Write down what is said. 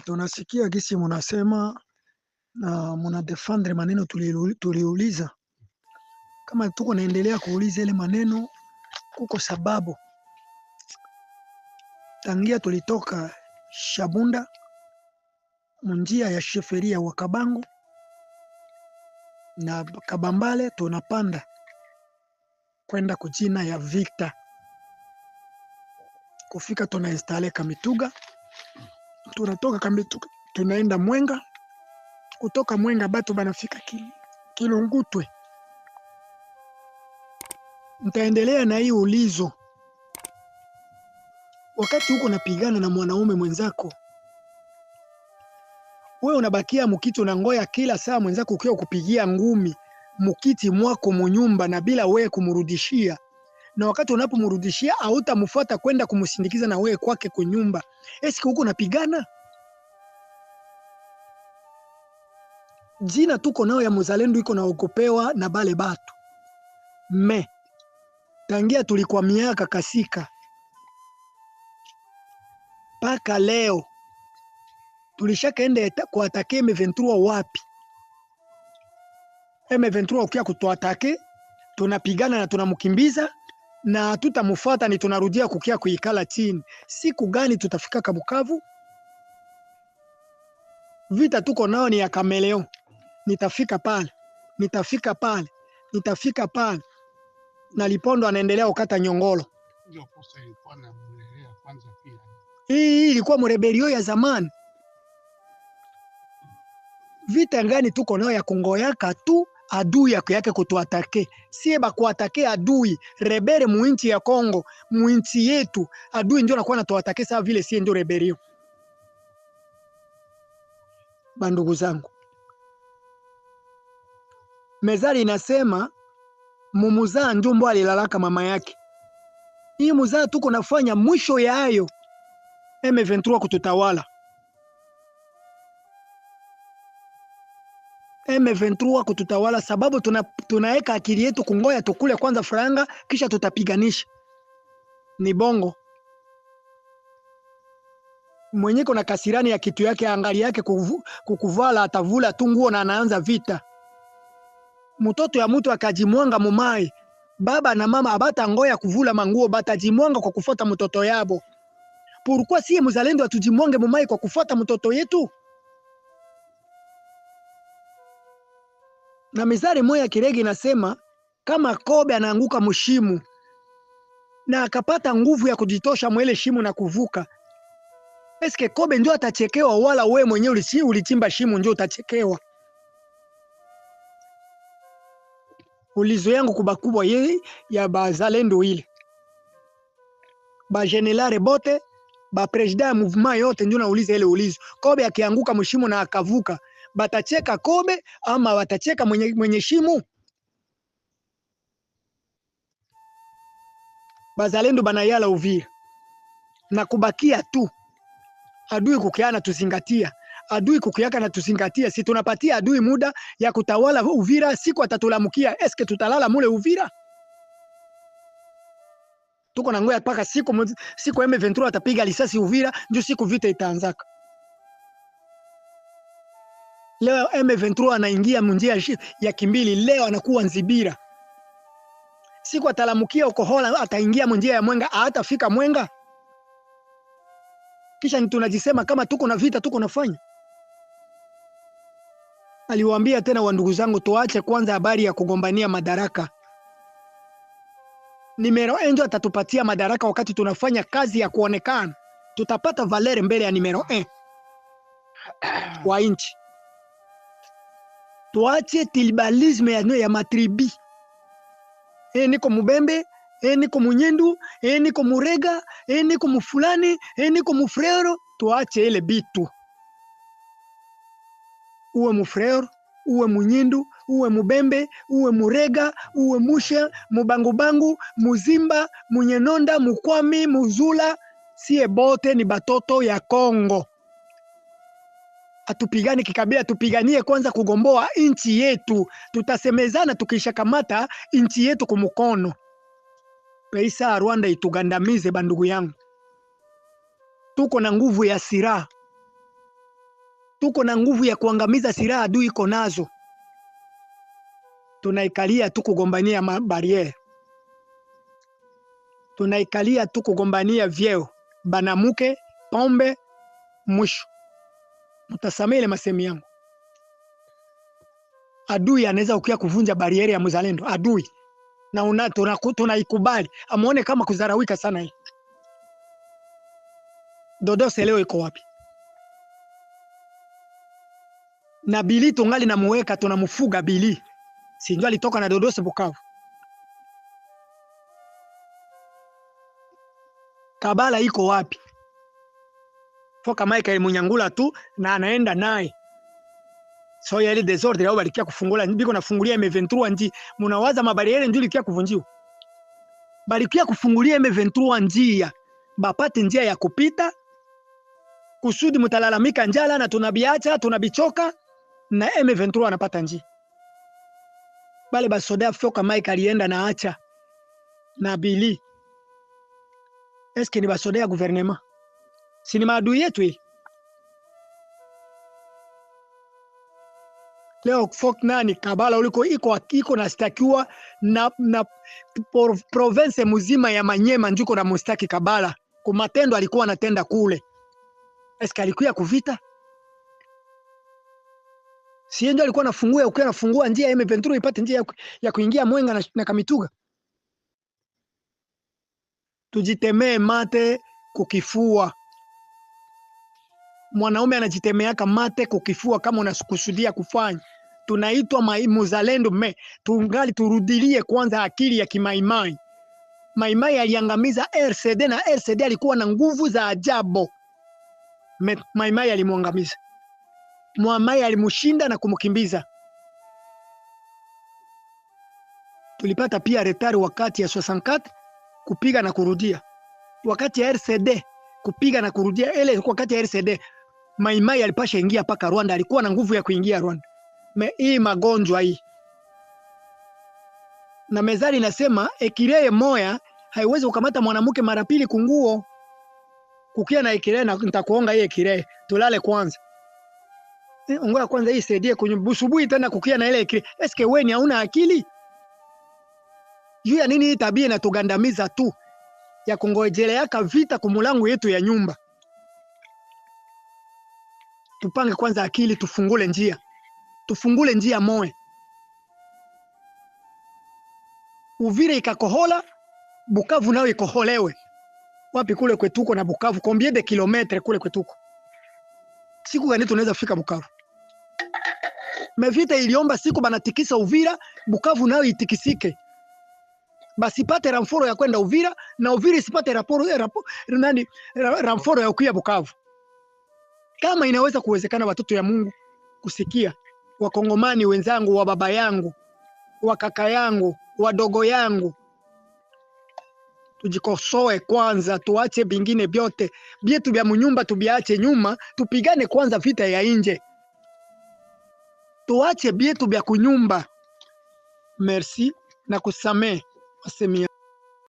Tunasikia gisi munasema na munadefendre maneno tuliuliza, kama tuko naendelea kuuliza ile maneno, kuko sababu tangia tulitoka Shabunda munjia ya sheferia wa Kabangu na Kabambale tunapanda kwenda kujina ya vita kufika, tunainstale Kamituga tunatoka kambi tunaenda Mwenga, kutoka Mwenga batu banafika Kilungutwe. Ntaendelea na hii ulizo, wakati huko napigana na mwanaume mwenzako, wewe unabakia mukiti unangoya kila saa mwenzako ukiwa kupigia ngumi mukiti mwako munyumba na bila wewe kumrudishia na wakati unapomrudishia hautamfuata kwenda kumsindikiza na wewe kwake kwa nyumba. eski huko unapigana jina tuko nao ya muzalendo iko na naogopewa na bale batu me tangia tulikuwa miaka kasika mpaka leo tulishakaenda kuatake M23 wapi? M23 ukia kutuatake tunapigana na tunamkimbiza, na tutamufata ni tunarudia kukia kuikala chini. Siku gani tutafika Kabukavu? Vita tuko nao ni ya kameleo, nitafika pale, nitafika pale, nitafika pale. Na Lipondo anaendelea ukata nyongolo. Hii ilikuwa mrebelio ya zamani. Vita ngani tuko nao ya kungoyaka tu adui yako yake kutuatake sie bakuatake adui rebere muinchi ya Kongo muinchi yetu adui ndio anakuwa anatuatake sawa vile sie ndio reberio. Bandugu zangu, mezali inasema mumuzaa njumbo alilalaka mama yake. Hii muzaa tuko nafanya mwisho yayo M23 kututawala M23 kututawala, sababu tunaweka akili yetu kungoya tukule kwanza franga kisha tutapiganisha. Ni bongo mwenye kuna kasirani ya kitu yake angali yake kukuvala, atavula tu nguo na anaanza vita. Mtoto ya mtu akajimwanga mumai, baba na mama abata ngoya kuvula manguo, batajimwanga kwa kufuata mtoto yabo. Pourquoi si mzalendo atujimwange mumai kwa kufuata mtoto yetu? na mizari moja ya Kirege inasema kama kobe anaanguka mshimu na akapata nguvu ya kujitosha mwele shimu na kuvuka, eske kobe ndio atachekewa, wala we mwenyewe ulichimba shimu ndio utachekewa? Ulizo yangu kuba kubwa yeye ya bazalendo ile generale bote president ya mouvement yote ndio nauliza ile ulizo. Kobe akianguka mshimu na akavuka batacheka kobe ama watacheka mwenye, mwenye shimu? Bazalendo banayala Uvira na kubakia tu adui kukiana, tuzingatia adui kukiaka na tuzingatia. Si tunapatia adui muda ya kutawala Uvira, siku atatulamukia. Eske tutalala mule Uvira? Tuko na ngoya mpaka siku siku M23 atapiga risasi Uvira, ndio siku vita itaanzaka leo M23 anaingia mnjia ya Kimbili, leo anakuwa Nzibira, siku atalamukia Hola, ataingia mnjia ya Mwenga, hatafika Mwenga. Kisha ni tunajisema kama tuko na vita tuko nafanya. Aliwaambia tena wa ndugu zangu, tuache kwanza habari ya kugombania madaraka. Nimero enjo atatupatia madaraka wakati tunafanya kazi ya kuonekana, tutapata valere mbele ya nimero e wa nchi tuache tribalisme ya, ya matribi. E, niko mubembe e, niko munyendu e, niko murega e, niko mufulani e, niko mufrero. Tuache ile bitu, uwe mufrero uwe munyendu uwe mubembe uwe murega uwe mushe mubangubangu muzimba munyenonda mukwami muzula, sie bote ni batoto ya Kongo hatupigane kikabila, tupiganie kwanza kugomboa nchi yetu. Tutasemezana tukishakamata nchi yetu kumukono. Peisa ya Rwanda itugandamize, bandugu yangu, tuko na nguvu ya silaha, tuko na nguvu ya kuangamiza silaha adui iko nazo. Tunaikalia tu kugombania mabariere, tunaikalia tu kugombania vyeo, banamuke pombe mwisho mtasamehe ile masemi yangu. Adui anaweza ukia kuvunja barieri ya mzalendo adui, na una tunaikubali, amuone kama kuzarawika sana. Hii Dodose leo iko wapi? na Bili tungali namuweka, tunamfuga Bili sinjo alitoka na Dodose Bukavu. Kabala iko wapi? foka Michael Munyangula tu na anaenda naye so ya ile desordre au balikia kufungula biko nafungulia M23 nji munawaza mabariere ndio likia kuvunjiwa balikia kufungulia M23 njia bapate njia ya kupita kusudi mtalalamika njala na tunabiacha tunabichoka na M23 anapata njia bale basoda foka Mike alienda na acha na bili eske ni basoda ya guvernema si ni maadui yetu hii leo Faulkner nani Kabala uliko iko iko nastakiwa na, na province mzima ya Manyema njuko na mustaki Kabala kwa matendo alikuwa anatenda kule. Eske alikuwa kuvita si ndio? Alikuwa anafungua ukiwa anafungua njia ya m ipate njia ya kuingia Mwenga na, na Kamituga. Tujitemee mate kukifua mwanaume anajitemeaka mate kukifua kama unakusudia kufanya tunaitwa muzalendo me tungali turudilie kwanza akili ya kimaimai. Maimai aliangamiza RCD na RCD alikuwa na nguvu za ajabu. Maimai alimwangamiza, Mwamai alimshinda na kumkimbiza. Tulipata pia retari wakati ya 64 kupiga na kurudia, wakati ya RCD kupiga na kurudia, ile wakati ya RCD Maimai alipasha ingia mpaka Rwanda, alikuwa na nguvu ya kuingia Rwanda. Me, hii magonjwa hii na mezali nasema ekireye moya haiwezi kukamata mwanamke mara pili kunguo. Kukia na ekireye na nitakuonga hii ekireye, tulale kwanza e, eh, ongoa kwanza hii saidie kwenye busubui tena kukia na ile ekireye. Eske wewe ni hauna akili juu ya nini? Hii tabia inatugandamiza tu ya kungojeleaka vita kumulangu yetu ya nyumba tupange kwanza akili, tufungule njia, tufungule njia moe. Uvira ikakohola, Bukavu nayo ikoholewe. Wapi? Kule kwetuko na Bukavu combien de kilometre? Kule kwetuko siku gani tunaweza kufika Bukavu? Mevita iliomba siku banatikisa Uvira, Bukavu nayo itikisike, pate ramforo ya kwenda Uvira na Uvira isipate raporo, raporo, nani ramforo ya kuya Bukavu. Kama inaweza kuwezekana, watoto ya Mungu kusikia, wakongomani wenzangu, wa baba yangu, wa kaka yangu, wadogo yangu, tujikosoe kwanza, tuache vingine vyote vyetu vya munyumba, tubiache nyuma, tupigane kwanza vita ya nje, tuache vyetu vya kunyumba. Merci na kusamee wasemia